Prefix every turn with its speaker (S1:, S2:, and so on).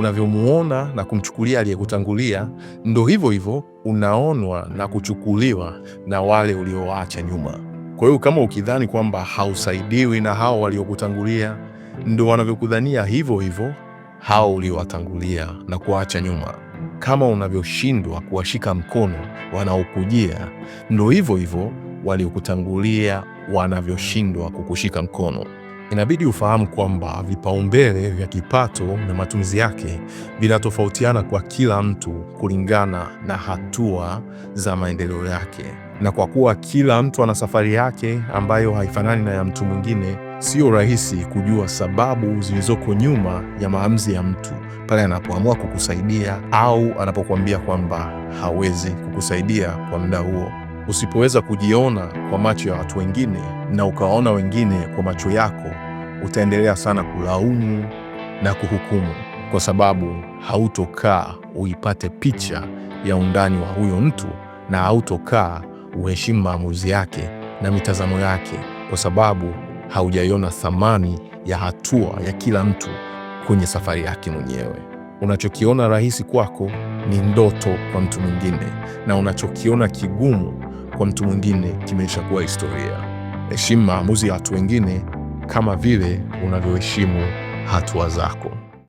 S1: unavyomuona na kumchukulia aliyekutangulia, ndo hivyo hivyo unaonwa na kuchukuliwa na wale uliowaacha nyuma. Kwa hiyo kama ukidhani kwamba hausaidiwi na hao waliokutangulia, ndo wanavyokudhania hivyo hivyo hao uliowatangulia na kuwaacha nyuma. Kama unavyoshindwa kuwashika mkono wanaokujia, ndo hivyo hivyo waliokutangulia wanavyoshindwa kukushika mkono inabidi ufahamu kwamba vipaumbele vya kipato na matumizi yake vinatofautiana kwa kila mtu kulingana na hatua za maendeleo yake, na kwa kuwa kila mtu ana safari yake ambayo haifanani na ya mtu mwingine, sio rahisi kujua sababu zilizoko nyuma ya maamuzi ya mtu pale anapoamua kukusaidia au anapokuambia kwamba hawezi kukusaidia kwa muda huo. Usipoweza kujiona kwa macho ya watu wengine na ukawaona wengine kwa macho yako, utaendelea sana kulaumu na kuhukumu, kwa sababu hautokaa uipate picha ya undani wa huyo mtu na hautokaa uheshimu maamuzi yake na mitazamo yake, kwa sababu haujaiona thamani ya hatua ya kila mtu kwenye safari yake mwenyewe. Unachokiona rahisi kwako ni ndoto kwa mtu mwingine, na unachokiona kigumu kwa mtu mwingine kuwa historia. Heshimu maamuzi ya watu wengine kama vile unavyoheshimu hatua zako.